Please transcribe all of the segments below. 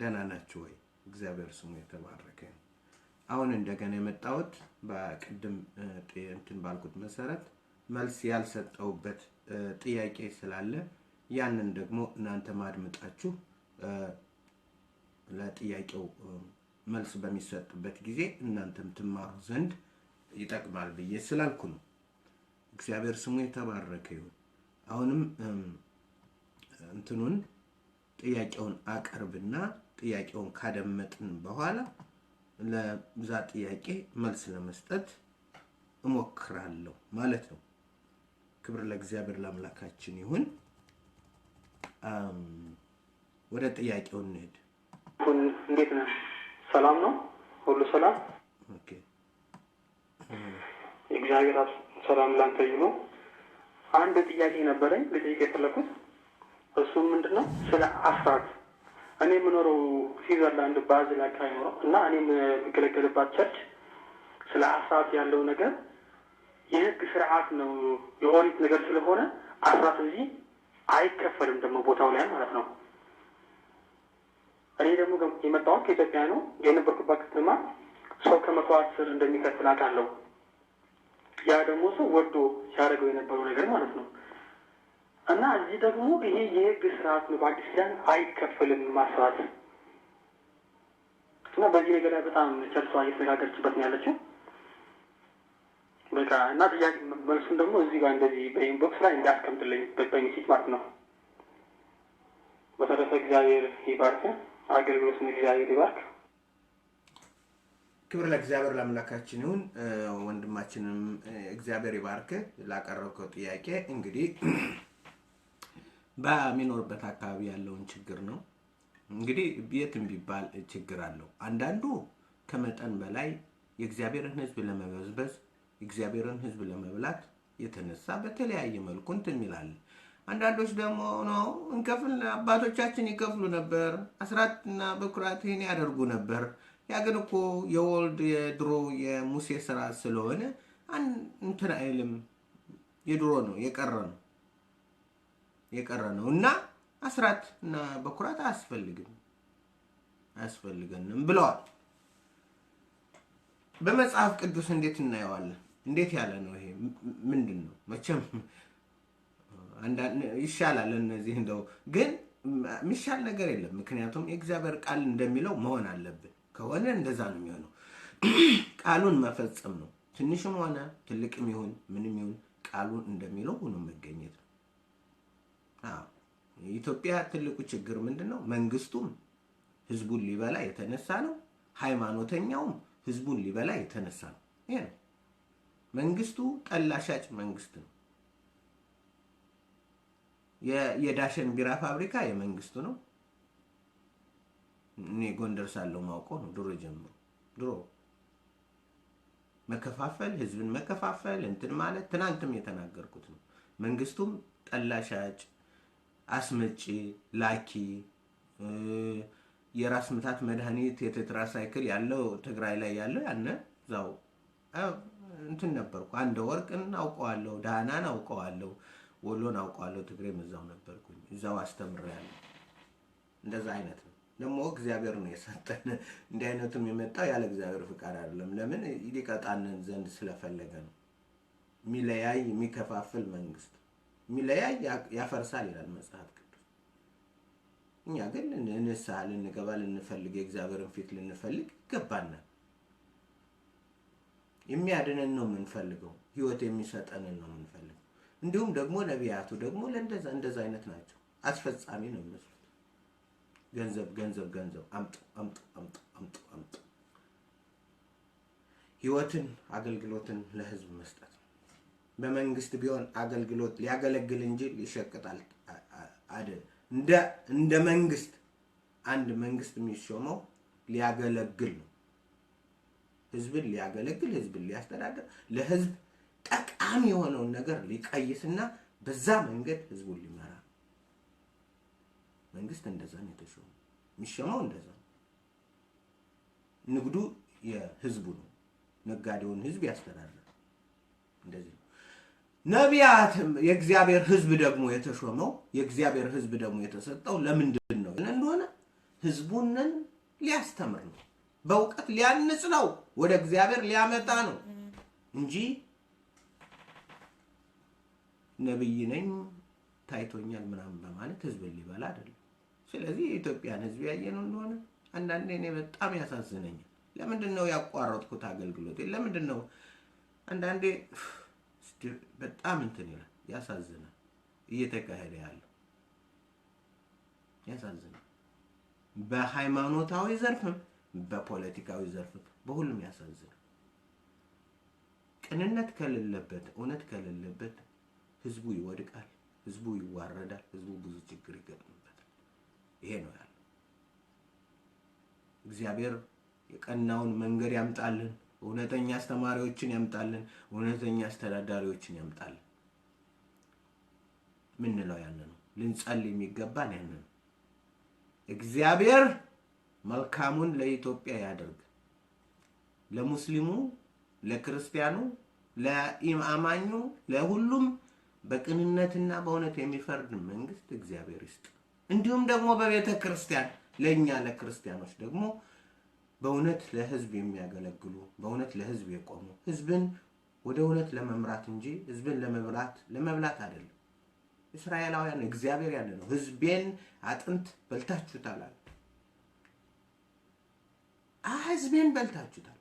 ደህና ናችሁ ወይ? እግዚአብሔር ስሙ የተባረከ ነው። አሁን እንደገና የመጣሁት በቅድም እንትን ባልኩት መሰረት መልስ ያልሰጠውበት ጥያቄ ስላለ ያንን ደግሞ እናንተ ማድመጣችሁ ለጥያቄው መልስ በሚሰጥበት ጊዜ እናንተም ትማሩ ዘንድ ይጠቅማል ብዬ ስላልኩ ነው። እግዚአብሔር ስሙ የተባረከ ይሁን። አሁንም እንትኑን ጥያቄውን አቀርብና ጥያቄውን ካደመጥን በኋላ ለዛ ጥያቄ መልስ ለመስጠት እሞክራለሁ ማለት ነው። ክብር ለእግዚአብሔር ለአምላካችን ይሁን። ወደ ጥያቄው እንሄድ። እንዴት ነህ? ሰላም ነው? ሁሉ ሰላም? የእግዚአብሔር ሰላም ላንተ ይሁን። አንድ ጥያቄ ነበረኝ ልጠይቅ የፈለኩት እሱ ምንድን ነው? ስለ አስራት እኔ የምኖረው ስዊዘርላንድ ባዝል አካባቢ ነው እና እኔ የምገለገልባት ቸርች ስለ አስራት ያለው ነገር የህግ ስርዓት ነው የኦሪት ነገር ስለሆነ አስራት እዚህ አይከፈልም፣ ደግሞ ቦታው ላይ ማለት ነው። እኔ ደግሞ የመጣሁት ከኢትዮጵያ ነው። የነበርኩባት ከተማ ሰው ከመቶ አስር እንደሚከፍል አውቃለሁ። ያ ደግሞ ሰው ወዶ ሲያደርገው የነበረው ነገር ማለት ነው። እና እዚህ ደግሞ ይሄ የህግ ስርዓት ነው። በአዲስ ኪዳን አይከፈልም ማስራት እና በዚህ ነገር ላይ በጣም ቸልቷ እየተነጋገረችበት ነው ያለችው። በቃ እና ጥያቄ መልሱን ደግሞ እዚህ ጋር እንደዚህ በኢንቦክስ ላይ እንዳስቀምጥልኝ በሚሴጅ ማለት ነው። በተረፈ እግዚአብሔር ይባርክ፣ አገልግሎትን እግዚአብሔር ይባርክ። ክብር ለእግዚአብሔር ለአምላካችን ይሁን። ወንድማችንም እግዚአብሔር ይባርክ ላቀረብከው ጥያቄ እንግዲህ በሚኖርበት አካባቢ ያለውን ችግር ነው። እንግዲህ የትም ቢባል ችግር አለው። አንዳንዱ ከመጠን በላይ የእግዚአብሔርን ሕዝብ ለመበዝበዝ የእግዚአብሔርን ሕዝብ ለመብላት የተነሳ በተለያየ መልኩ እንትን ይላል። አንዳንዶች ደግሞ ነው እንከፍል አባቶቻችን ይከፍሉ ነበር፣ አስራትና በኩራት ይህን ያደርጉ ነበር። ያ ግን እኮ የወልድ የድሮ የሙሴ ስራ ስለሆነ እንትን አይልም። የድሮ ነው የቀረ ነው። የቀረ ነው እና አስራት እና በኩራት አያስፈልግም አያስፈልገንም ብለዋል። በመጽሐፍ ቅዱስ እንዴት እናየዋለን? እንዴት ያለ ነው ይሄ? ምንድን ነው? መቼም ይሻላል እነዚህ እንደው ግን የሚሻል ነገር የለም። ምክንያቱም የእግዚአብሔር ቃል እንደሚለው መሆን አለብን። ከሆነ እንደዛ ነው የሚሆነው። ቃሉን መፈጸም ነው። ትንሽም ሆነ ትልቅም ይሁን ምንም ይሁን ቃሉን እንደሚለው ሆኖ መገኘት ነው። የኢትዮጵያ ትልቁ ችግር ምንድን ነው? መንግስቱም ህዝቡን ሊበላ የተነሳ ነው። ሃይማኖተኛውም ህዝቡን ሊበላ የተነሳ ነው። ይሄ ነው መንግስቱ ጠላሻጭ መንግስት ነው። የዳሸን ቢራ ፋብሪካ የመንግስቱ ነው። እኔ ጎንደር ሳለው ማውቀው ነው። ድሮ ጀምሮ ድሮ መከፋፈል፣ ህዝብን መከፋፈል እንትን ማለት ትናንትም የተናገርኩት ነው። መንግስቱም ጠላሻጭ አስመጪ፣ ላኪ፣ የራስ ምታት መድኃኒት ሳይክል ያለው ትግራይ ላይ ያለው ያነ ዛው እንትን ነበርኩ። አንድ ወርቅን አውቀዋለሁ፣ ዳህናን አውቀዋለሁ፣ ወሎን አውቀዋለሁ። ትግሬም እዛው ነበርኩኝ፣ እዛው አስተምሬያለሁ። እንደዛ አይነት ነው ደግሞ እግዚአብሔር ነው የሰጠን። እንዲህ አይነቱም የመጣው ያለ እግዚአብሔር ፍቃድ አይደለም። ለምን ሊቀጣንን ዘንድ ስለፈለገ ነው። የሚለያይ የሚከፋፍል መንግስት የሚለያይ ያፈርሳል ይላል መጽሐፍ ቅዱስ። እኛ ግን ንስሐ ልንገባ ልንፈልግ የእግዚአብሔርን ፊት ልንፈልግ ይገባናል። የሚያድንን ነው የምንፈልገው፣ ህይወት የሚሰጠንን ነው የምንፈልገው። እንዲሁም ደግሞ ነቢያቱ ደግሞ ለእንደዛ እንደዛ አይነት ናቸው። አስፈጻሚ ነው የሚመስሉት። ገንዘብ ገንዘብ ገንዘብ አምጡ አምጡ አምጡ አምጡ አምጡ። ህይወትን አገልግሎትን ለህዝብ መስጠት በመንግስት ቢሆን አገልግሎት ሊያገለግል እንጂ ሊሸቅጣል አደ እንደ መንግስት አንድ መንግስት የሚሾመው ሊያገለግል ነው። ህዝብን ሊያገለግል፣ ህዝብን ሊያስተዳድር ለህዝብ ጠቃሚ የሆነውን ነገር ሊቀይስና በዛ መንገድ ህዝቡን ሊመራ መንግስት እንደዛ ነው የተሾመው። የሚሾመው እንደዛ ነው። ንግዱ የህዝቡ ነው። ነጋዴውን ህዝብ ያስተዳድራል። እንደዚህ ነቢያትም የእግዚአብሔር ሕዝብ ደግሞ የተሾመው የእግዚአብሔር ሕዝብ ደግሞ የተሰጠው ለምንድን ነው እንደሆነ ሕዝቡንን ሊያስተምር ነው፣ በእውቀት ሊያንጽ ነው፣ ወደ እግዚአብሔር ሊያመጣ ነው እንጂ ነብይ ነኝ ታይቶኛል ምናምን በማለት ሕዝብን ሊበላ አይደለም። ስለዚህ የኢትዮጵያን ህዝብ ያየነው እንደሆነ አንዳንዴ እኔ በጣም ያሳዝነኛል። ለምንድን ነው ያቋረጥኩት አገልግሎት? ለምንድን ነው አንዳንዴ በጣም እንትን ይላል። ያሳዝናል። እየተካሄደ ያለው ያሳዝናል። በሃይማኖታዊ ዘርፍም በፖለቲካዊ ዘርፍም በሁሉም ያሳዝናል። ቅንነት ከሌለበት፣ እውነት ከሌለበት ህዝቡ ይወድቃል፣ ህዝቡ ይዋረዳል፣ ህዝቡ ብዙ ችግር ይገጥምበታል። ይሄ ነው ያለው። እግዚአብሔር የቀናውን መንገድ ያምጣልን። እውነተኛ አስተማሪዎችን ያምጣልን፣ እውነተኛ አስተዳዳሪዎችን ያምጣልን። ምንለው ያን ነው። ልንጸል የሚገባን ያን ነው። እግዚአብሔር መልካሙን ለኢትዮጵያ ያደርግ። ለሙስሊሙ፣ ለክርስቲያኑ፣ ለኢማማኙ፣ ለሁሉም በቅንነትና በእውነት የሚፈርድ መንግስት እግዚአብሔር ይስጥ። እንዲሁም ደግሞ በቤተ ክርስቲያን ለእኛ ለክርስቲያኖች ደግሞ በእውነት ለህዝብ የሚያገለግሉ በእውነት ለህዝብ የቆሙ ህዝብን ወደ እውነት ለመምራት እንጂ ህዝብን ለመብላት ለመብላት አይደለም። እስራኤላውያን እግዚአብሔር ያለ ነው። ህዝቤን አጥንት በልታችሁታል አለ። ህዝቤን በልታችሁታል።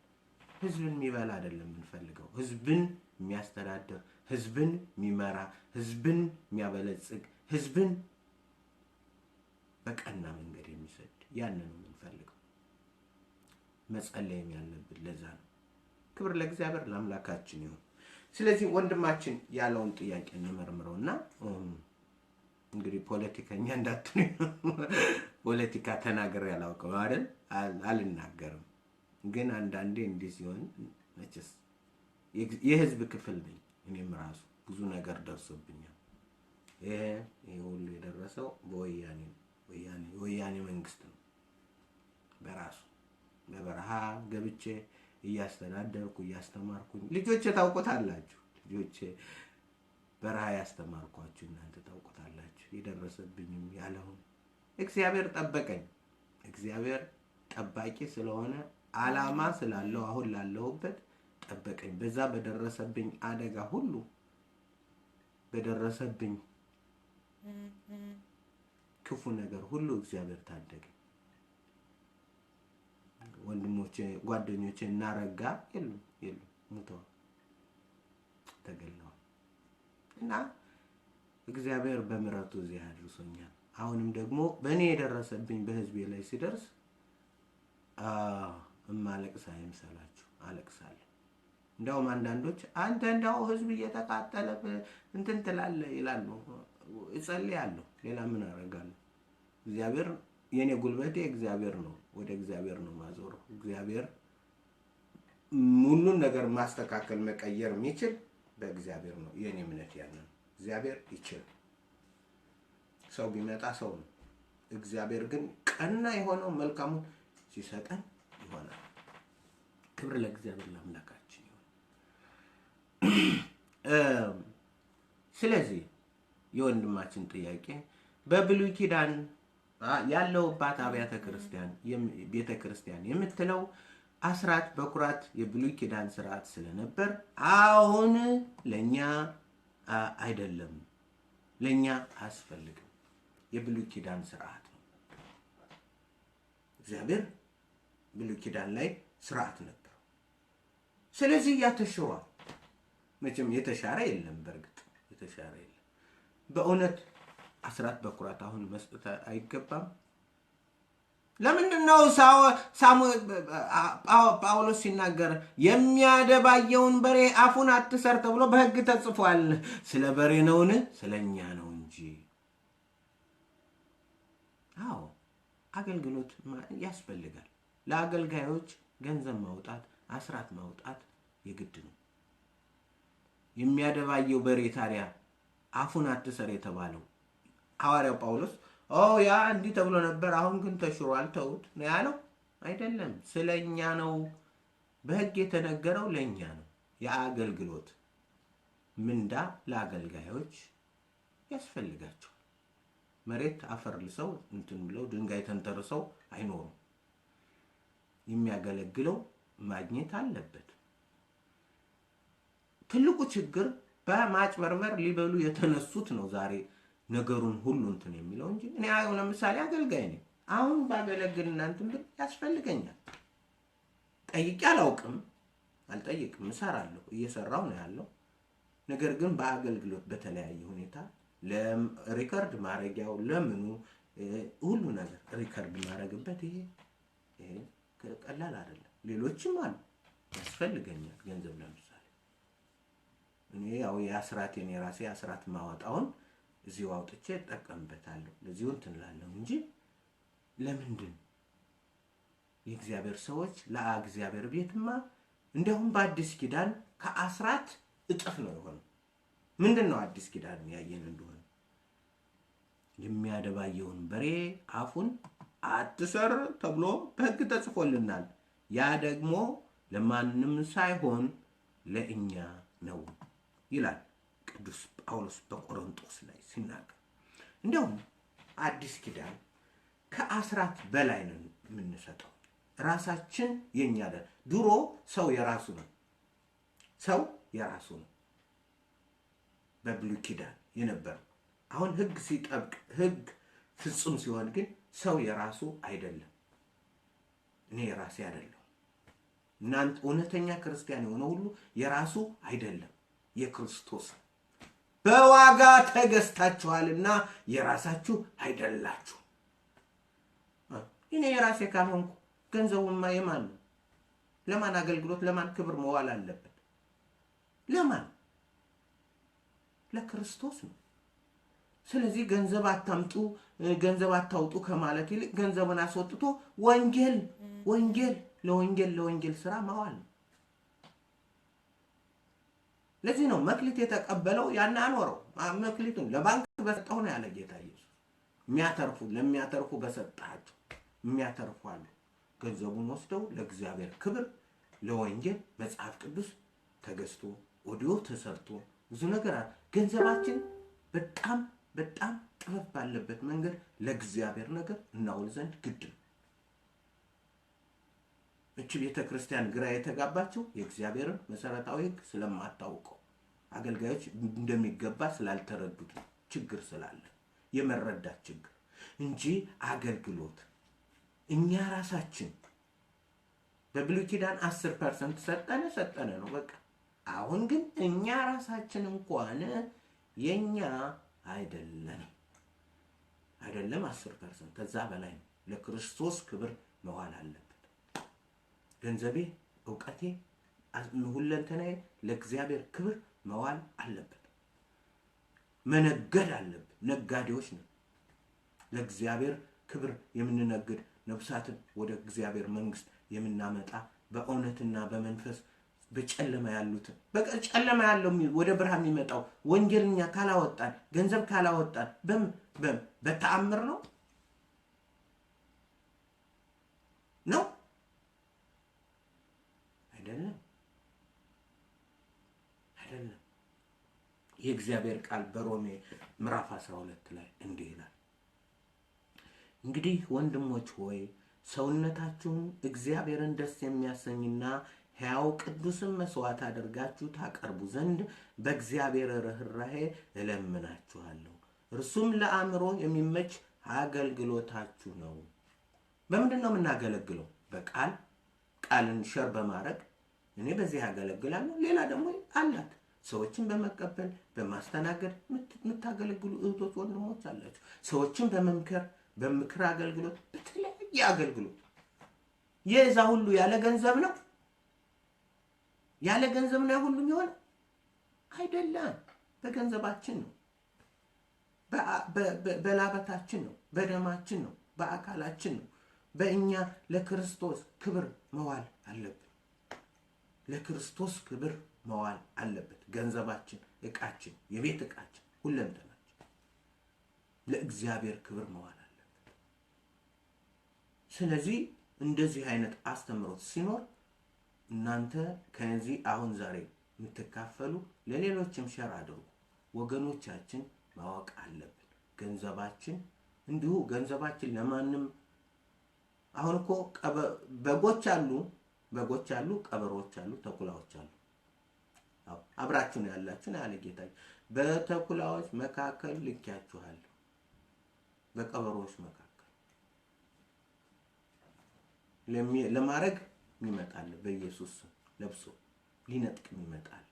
ህዝብን የሚበላ አይደለም የምንፈልገው። ህዝብን የሚያስተዳድር፣ ህዝብን የሚመራ፣ ህዝብን የሚያበለጽግ፣ ህዝብን በቀና መንገድ የሚሰድ ያንን ነው የምንፈልገው። መጸለይም ያለብን ለዛ ነው። ክብር ለእግዚአብሔር ለአምላካችን ይሁን። ስለዚህ ወንድማችን ያለውን ጥያቄ እንመርምረው እና እንግዲህ ፖለቲከኛ እንዳትን ፖለቲካ ተናገር ያላውቀው አይደል? አልናገርም፣ ግን አንዳንዴ እንዲህ ሲሆን መቼስ የህዝብ ክፍል ነኝ እኔም ራሱ ብዙ ነገር ደርሶብኛል። ይሄ ሁሉ የደረሰው በወያኔ ወያኔ መንግስት ነው በራሱ በበረሃ ገብቼ እያስተዳደርኩ እያስተማርኩኝ ልጆቼ ታውቁታላችሁ። ልጆቼ በረሃ ያስተማርኳችሁ እናንተ ታውቁታላችሁ። የደረሰብኝም ያለውን እግዚአብሔር ጠበቀኝ። እግዚአብሔር ጠባቂ ስለሆነ አላማ ስላለው አሁን ላለሁበት ጠበቀኝ። በዛ በደረሰብኝ አደጋ ሁሉ በደረሰብኝ ክፉ ነገር ሁሉ እግዚአብሔር ታደገኝ። ወንድሞቼ ጓደኞቼ እናረጋ የሉም የሉም ሙተዋል፣ ተገለዋል። እና እግዚአብሔር በምረቱ እዚህ አድርሶኛል። አሁንም ደግሞ በእኔ የደረሰብኝ በህዝቤ ላይ ሲደርስ እማለቅስ አይምሰላችሁ፣ አለቅሳለሁ። እንዲያውም አንዳንዶች አንተ እንዳው ህዝብ እየተቃጠለ እንትን ትላለህ ይላሉ። እጸልያለሁ። ሌላ ምን አደርጋለሁ? እግዚአብሔር የኔ ጉልበቴ እግዚአብሔር ነው። ወደ እግዚአብሔር ነው ማዞር። እግዚአብሔር ሁሉን ነገር ማስተካከል መቀየር የሚችል በእግዚአብሔር ነው። የኔ እምነት ያንን እግዚአብሔር ይችል። ሰው ቢመጣ ሰው ነው። እግዚአብሔር ግን ቀና የሆነው መልካሙን ሲሰጠን ይሆናል። ክብር ለእግዚአብሔር ለአምላካችን ይሁን። ስለዚህ የወንድማችን ጥያቄ በብሉይ ኪዳን ያለውባት አብያተ ክርስቲያን ቤተ ክርስቲያን የምትለው አስራት በኩራት የብሉይ ኪዳን ስርዓት ስለነበር አሁን ለኛ አይደለም፣ ለኛ አያስፈልግም። የብሉይ ኪዳን ስርዓት ነው። እግዚአብሔር ብሉይ ኪዳን ላይ ስርዓት ነበር። ስለዚህ ያተሽሯል። መቼም የተሻረ የለም፣ በእርግጥ የተሻረ የለም። በእውነት አስራት በኩራት አሁን መስጠት አይገባም። ለምንድን ነው ጳውሎስ ሲናገር የሚያደባየውን በሬ አፉን አትሰር ተብሎ በሕግ ተጽፏል? ስለ በሬ ነውን? ስለ እኛ ነው እንጂ። አዎ አገልግሎት ያስፈልጋል። ለአገልጋዮች ገንዘብ ማውጣት፣ አስራት ማውጣት የግድ ነው። የሚያደባየው በሬ ታዲያ አፉን አትሰር የተባለው ሐዋርያው ጳውሎስ ኦ ያ እንዲህ ተብሎ ነበር፣ አሁን ግን ተሽሯል፣ ተውት ነው ያለው? አይደለም። ስለ እኛ ነው በሕግ የተነገረው ለእኛ ነው። የአገልግሎት ምንዳ ለአገልጋዮች ያስፈልጋቸዋል። መሬት አፈር ልሰው እንትን ብለው ድንጋይ ተንተርሰው አይኖሩም። የሚያገለግለው ማግኘት አለበት። ትልቁ ችግር በማጭበርበር ሊበሉ የተነሱት ነው ዛሬ ነገሩን ሁሉ እንትን የሚለው እንጂ እኔ አሁን ለምሳሌ አገልጋይ ነኝ። አሁን ባገለግል እናንትን ብል ያስፈልገኛል። ጠይቄ አላውቅም፣ አልጠይቅም። እሰራለሁ፣ እየሰራው ነው ያለው። ነገር ግን በአገልግሎት በተለያየ ሁኔታ ሪከርድ ማድረጊያው ለምኑ ሁሉ ነገር ሪከርድ ማድረግበት ይሄ ይሄ ቀላል አይደለም። ሌሎችም አሉ ያስፈልገኛል ገንዘብ ለምሳሌ እኔ ያው የአስራቴን የራሴ አስራት ማወጣውን እዚሁ አውጥቼ እጠቀምበታለሁ። ለዚሁ እንትን እላለሁ እንጂ ለምንድን የእግዚአብሔር ሰዎች ለእግዚአብሔር ቤትማ እንደውም በአዲስ ኪዳን ከአስራት እጥፍ ነው የሆነ። ምንድን ነው አዲስ ኪዳን ያየን እንደሆነ የሚያደባየውን በሬ አፉን አትሰር ተብሎ በሕግ ተጽፎልናል። ያ ደግሞ ለማንም ሳይሆን ለእኛ ነው ይላል። ቅዱስ ጳውሎስ በቆሮንጦስ ላይ ሲናገር እንዲያውም አዲስ ኪዳን ከአስራት በላይ ነው የምንሰጠው። ራሳችን የኛ ለን ድሮ ሰው የራሱ ነው ሰው የራሱ ነው በብሉይ ኪዳን የነበረው። አሁን ህግ ሲጠብቅ ህግ ፍጹም ሲሆን ግን ሰው የራሱ አይደለም። እኔ የራሴ አይደለሁ። እናንተ እውነተኛ ክርስቲያን የሆነ ሁሉ የራሱ አይደለም፣ የክርስቶስ በዋጋ ተገዝታችኋልና የራሳችሁ አይደላችሁ። እኔ የራሴ ካልሆንኩ ገንዘቡማ የማን ነው? ለማን አገልግሎት፣ ለማን ክብር መዋል አለበት? ለማን? ለክርስቶስ ነው። ስለዚህ ገንዘብ አታምጡ፣ ገንዘብ አታውጡ ከማለት ይልቅ ገንዘብን አስወጥቶ ወንጌል ወንጌል ለወንጌል ለወንጌል ስራ ማዋል ነው። ለዚህ ነው መክሊት የተቀበለው ያን አኖረው። መክሊቱን ለባንክ በሰጠው ነው ያለ ጌታ ኢየሱስ። የሚያተርፉ ለሚያተርፉ በሰጣቸው የሚያተርፉ አሉ። ገንዘቡን ወስደው ለእግዚአብሔር ክብር ለወንጌል መጽሐፍ ቅዱስ ተገዝቶ ኦዲዮ ተሰርቶ ብዙ ነገር አለ። ገንዘባችን በጣም በጣም ጥበብ ባለበት መንገድ ለእግዚአብሔር ነገር እናውል ዘንድ ግድ ነው። እች ቤተ ክርስቲያን ግራ የተጋባችው የእግዚአብሔርን መሰረታዊ ህግ ስለማታውቀው አገልጋዮች እንደሚገባ ስላልተረዱት ነው። ችግር ስላለ የመረዳት ችግር እንጂ አገልግሎት እኛ ራሳችን በብሉይ ኪዳን አስር ፐርሰንት ሰጠነ ሰጠነ ነው በቃ። አሁን ግን እኛ ራሳችን እንኳን የኛ አይደለም አይደለም አስር ፐርሰንት ከዛ በላይ ነው። ለክርስቶስ ክብር መዋል አለብን። ገንዘቤ፣ እውቀቴ፣ ሁለንተናዬ ለእግዚአብሔር ክብር መዋል አለበት። መነገድ አለብን። ነጋዴዎች ነው። ለእግዚአብሔር ክብር የምንነግድ ነፍሳትን ወደ እግዚአብሔር መንግስት የምናመጣ በእውነትና በመንፈስ በጨለማ ያሉትን ጨለማ ያለው ወደ ብርሃን የሚመጣው ወንጀልኛ ካላወጣን ገንዘብ ካላወጣን በም በተአምር ነው ነው አይደለም አይደለም። የእግዚአብሔር ቃል በሮሜ ምዕራፍ 12 ላይ እንዲህ ይላል፣ እንግዲህ ወንድሞች ሆይ ሰውነታችሁን እግዚአብሔርን ደስ የሚያሰኝና ሕያው ቅዱስን መስዋዕት አድርጋችሁ ታቀርቡ ዘንድ በእግዚአብሔር ርኅራሄ እለምናችኋለሁ። እርሱም ለአእምሮ የሚመች አገልግሎታችሁ ነው። በምንድን ነው የምናገለግለው? በቃል ቃልን ሸር በማድረግ እኔ በዚህ አገለግላለሁ። ሌላ ደግሞ አላት ሰዎችን በመቀበል በማስተናገድ የምታገለግሉ እህቶች ወንድሞች አላችሁ። ሰዎችን በመምከር በምክር አገልግሎት፣ በተለያየ አገልግሎት የዛ ሁሉ ያለ ገንዘብ ነው። ያለ ገንዘብ ነው ሁሉም የሆነ አይደለም። በገንዘባችን ነው፣ በላበታችን ነው፣ በደማችን ነው፣ በአካላችን ነው። በእኛ ለክርስቶስ ክብር መዋል አለብን። ለክርስቶስ ክብር መዋል አለበት። ገንዘባችን፣ እቃችን፣ የቤት እቃችን፣ ሁለንተናችን ለእግዚአብሔር ክብር መዋል አለበት። ስለዚህ እንደዚህ አይነት አስተምሮት ሲኖር እናንተ ከዚህ አሁን ዛሬ የምትካፈሉ ለሌሎችም ሸር አድርጉ። ወገኖቻችን ማወቅ አለብን። ገንዘባችን እንዲሁ ገንዘባችን ለማንም አሁን እኮ በጎች አሉ በጎች አሉ፣ ቀበሮዎች አሉ፣ ተኩላዎች አሉ። አብራችሁ ነው ያላችሁ ነው ያለ ጌታ። በተኩላዎች መካከል ልኪያችኋለሁ፣ በቀበሮዎች መካከል ለማድረግ ይመጣል። በኢየሱስ ለብሶ ሊነጥቅ ይመጣል።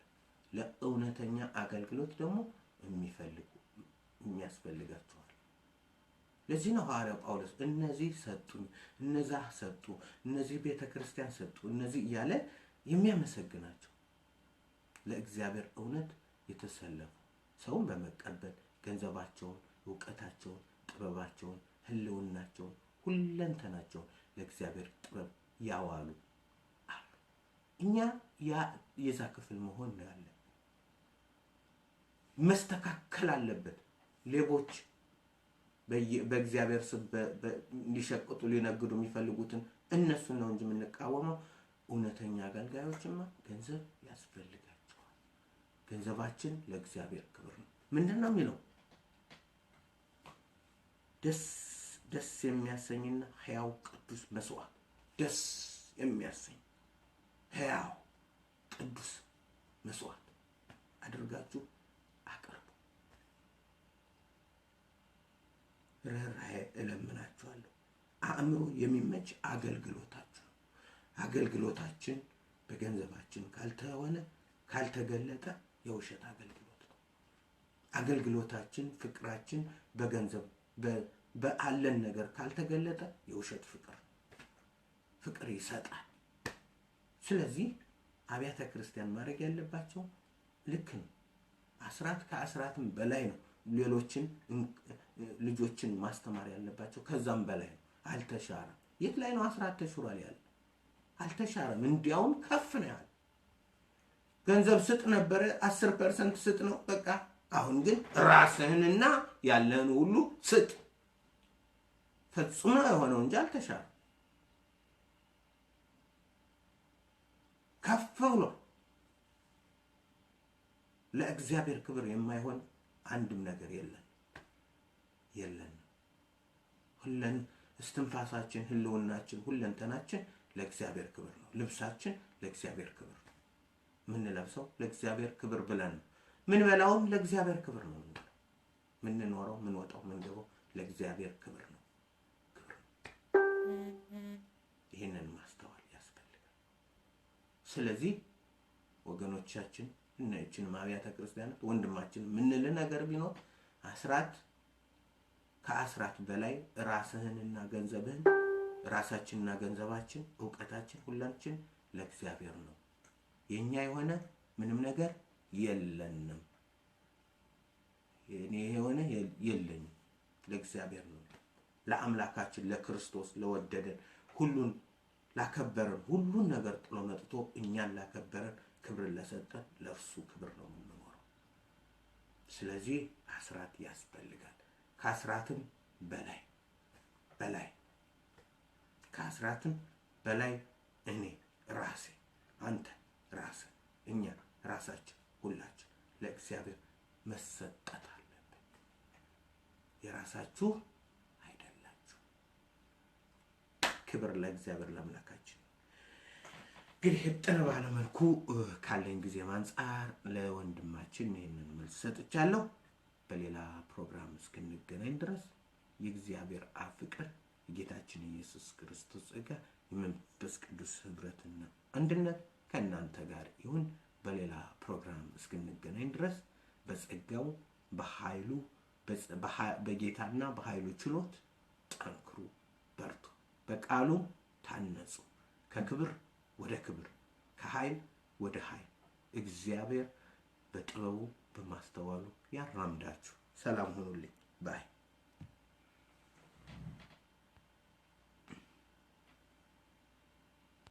ለእውነተኛ አገልግሎት ደግሞ የሚፈልጉ የሚያስፈልጋቸው ለዚህ ነው ሐዋርያው ጳውሎስ እነዚህ ሰጡኝ፣ እነዛ ሰጡ፣ እነዚህ ቤተ ክርስቲያን ሰጡ፣ እነዚህ እያለ የሚያመሰግናቸው ለእግዚአብሔር እውነት የተሰለፉ ሰውን በመቀበል ገንዘባቸውን፣ እውቀታቸውን፣ ጥበባቸውን፣ ህልውናቸውን፣ ሁለንተናቸውን ለእግዚአብሔር ጥበብ ያዋሉ አሉ። እኛ የዛ ክፍል መሆን ነው ያለን። መስተካከል አለበት። ሌቦች በእግዚአብሔር ስም ሊሸቅጡ ሊነግዱ የሚፈልጉትን እነሱን ነው እንጂ የምንቃወመው። እውነተኛ አገልጋዮችማ ገንዘብ ያስፈልጋቸዋል። ገንዘባችን ለእግዚአብሔር ክብር ነው። ምንድን ነው የሚለው? ደስ ደስ የሚያሰኝና ሕያው ቅዱስ መስዋዕት ደስ የሚያሰኝ ሕያው ቅዱስ መስዋዕት አድርጋችሁ አቅር ርኅራኄ እለምናችኋለሁ። አእምሮ የሚመች አገልግሎታችሁ ነው። አገልግሎታችን በገንዘባችን ካልተሆነ ካልተገለጠ የውሸት አገልግሎት ነው። አገልግሎታችን፣ ፍቅራችን በገንዘብ በአለን ነገር ካልተገለጠ የውሸት ፍቅር ፍቅር ይሰጣል። ስለዚህ አብያተ ክርስቲያን ማድረግ ያለባቸው ልክ ነው። አስራት ከአስራትም በላይ ነው። ሌሎችን ልጆችን ማስተማር ያለባቸው ከዛም በላይ አልተሻረም። የት ላይ ነው አስራት ተሽሯል ያለ? አልተሻረም። እንዲያውም ከፍ ነው ያለ። ገንዘብ ስጥ ነበረ፣ አስር ፐርሰንት ስጥ ነው በቃ። አሁን ግን ራስህንና ያለህን ሁሉ ስጥ። ፈጽሞ የሆነው እንጂ አልተሻረም። ከፍ ብሎ ለእግዚአብሔር ክብር የማይሆን አንድም ነገር የለን የለን። ሁለን እስትንፋሳችን፣ ህልውናችን፣ ሁለንተናችን ለእግዚአብሔር ክብር ነው። ልብሳችን ለእግዚአብሔር ክብር ነው። ምንለብሰው ለእግዚአብሔር ክብር ብለን ነው። ምንበላውም ለእግዚአብሔር ክብር ነው። ምንኖረው፣ ምንወጣው፣ ምንገባው ለእግዚአብሔር ክብር ነው። ክብር ነው። ይህንን ማስተዋል ያስፈልጋል። ስለዚህ ወገኖቻችን እነችን አብያተ ክርስቲያናት ወንድማችን የምንል ነገር ቢኖር አስራት ከአስራት በላይ ራስህንና ገንዘብህን ራሳችንና ገንዘባችን እውቀታችን ሁላችን ለእግዚአብሔር ነው። የኛ የሆነ ምንም ነገር የለንም። የኔ የሆነ የለኝም ለእግዚአብሔር ነው። ለአምላካችን ለክርስቶስ ለወደደን ሁሉን ላከበረን ሁሉን ነገር ጥሎ መጥቶ እኛን ላከበረን ክብርን ለሰጠን ለእርሱ ክብር ነው የምንኖረው። ስለዚህ አስራት ያስፈልጋል። ከአስራትም በላይ በላይ ከአስራትም በላይ እኔ ራሴ አንተ ራስ እኛ ራሳችን ሁላችን ለእግዚአብሔር መሰጠት አለብን። የራሳችሁ አይደላችሁ። ክብር ለእግዚአብሔር ለአምላካችን። እንግዲህ ህጥን መልኩ ካለኝ ጊዜ አንጻር ለወንድማችን ይህንን መልስ ሰጥቻለሁ። በሌላ ፕሮግራም እስክንገናኝ ድረስ የእግዚአብሔር አብ ፍቅር፣ የጌታችን ኢየሱስ ክርስቶስ ጸጋ፣ የመንፈስ ቅዱስ ህብረትና አንድነት ከእናንተ ጋር ይሁን። በሌላ ፕሮግራም እስክንገናኝ ድረስ በጸጋው በኃይሉ በጌታና በኃይሉ ችሎት ጠንክሩ፣ በርቱ፣ በቃሉ ታነጹ ከክብር ወደ ክብር፣ ከኃይል ወደ ኃይል እግዚአብሔር በጥበቡ በማስተዋሉ ያራምዳችሁ። ሰላም ሆኑልኝ ባይ